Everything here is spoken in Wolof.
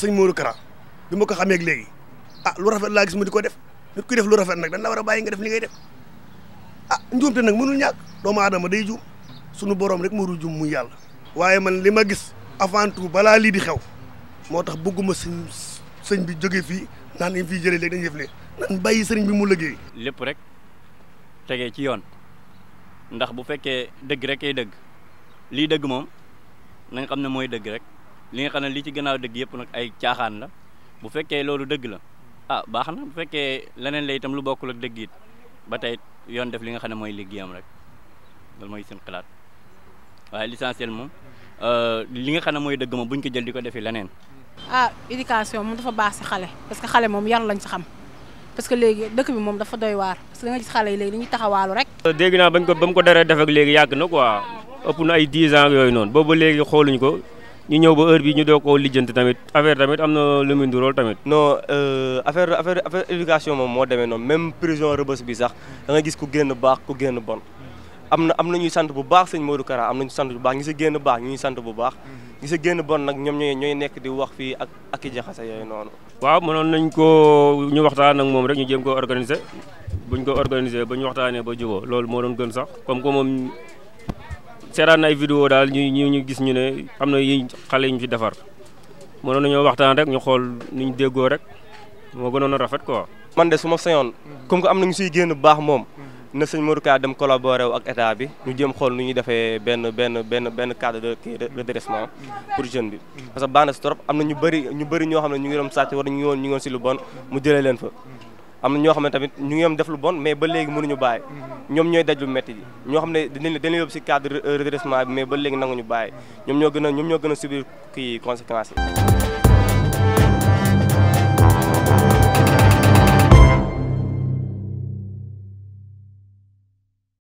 sëñ Modou Kara bi ma ko xamee léegi ah lu rafet laa gis mu di ko def nit kuy def lu rafet nag dañ la war a bàyyi nga def li ngay def ah njuumte nag mënul ñàkk doomu aadama day juum sunu borom rek moo dul juum muy yàlla. waaye man li ma gis avant tout balaa lii di xew moo tax bëgguma sëñ sëñ bi jóge fii naan dañ fiy jëlee léegi dañ def léegi nan bàyyi sëriñ bi mu liggéey. lépp rek tegee ci yoon ndax bu fekkee dëgg rek kay dëgg lii dëgg moom na xam ne mooy dëgg rek. li nga xam ne li ci gannaaw dëgg yëpp nag ay caaxaan la bu fekkee loolu dëgg la ah baax na bu fekkee leneen la itam lu bokkul ak dëgg it ba tey yoon def li nga xam ne mooy liggéeyam rek loolu mooy seen xalaat waaye l'essentiel moom euh, li nga xam ne mooy dëgg moom buñ ko jël di ko defi leneen. ah éducation moom dafa baax si xale parce que xale moom yar lañ si xam parce que léegi dëkk bi moom dafa doy waar parce que da nga gis xale yi léegi ñu taxawaalu rek. dégg naa bañ ko ba mu ko daree def ak léegi yàgg na quoi ëpp na ay 10 ans yooyu noonu boobu léegi xooluñ ko. ñu ñëw ba heure bi ñu doo koo lijjanti tamit affaire tamit am na lu mu ndurool tamit non euh, affaire éducation moom moo demee noonu même prison rëbës bi sax da nga gis ku génn baax ku génn bon am na am nañuy sant bu baax sëñ Modou Kara am nañu sant bu baax ñi si génn baax ñu sant bu baax ñi si génn bon nag ñoom ñooy ñooy nekk di wax fii ak ak i jaxase yooyu noonu waaw mënoon nañ ko ñu waxtaan ak moom rek ñu jéem ko organiser buñ ko organiser ba ñu waxtaanee ba jubóo loolu moo doon gën sax comme que moom seetaan ay vidéo daal ñu ñu ñu gis ñu ne am na yi xale yi ñu fi defar mënoon nañoo waxtaan rek ñu xool nu ñu déggoo rek moo gënoon a rafet quoi. man de su ma sañoon comme que am na ñu siy génn bu baax moom na sëñ Modou kaa dem collaboré wu ak état bi ñu jëm xool nu ñuy defee benn benn benn benn cadre de redressement pour jeune bi. parce que baax na si trop am na ñu bëri ñu bari ñoo xam ne ñu ngi doon sàcc war ñu ngi ñu ngi si lu bon mu jëlee leen fa. am na ñoo xam ne tamit ñu ngi am def lu bon mais ba léegi mënuñu bàyyi mm-hmm. ñoom ñooy daj lu métti ji ñoo xam ne dañu dañu yóbbu si cadre euh, redressement bi mais ba léegi nanguñu baay ñoom ñoo gën a ñoom ñoo gën a subir kii conséquence yi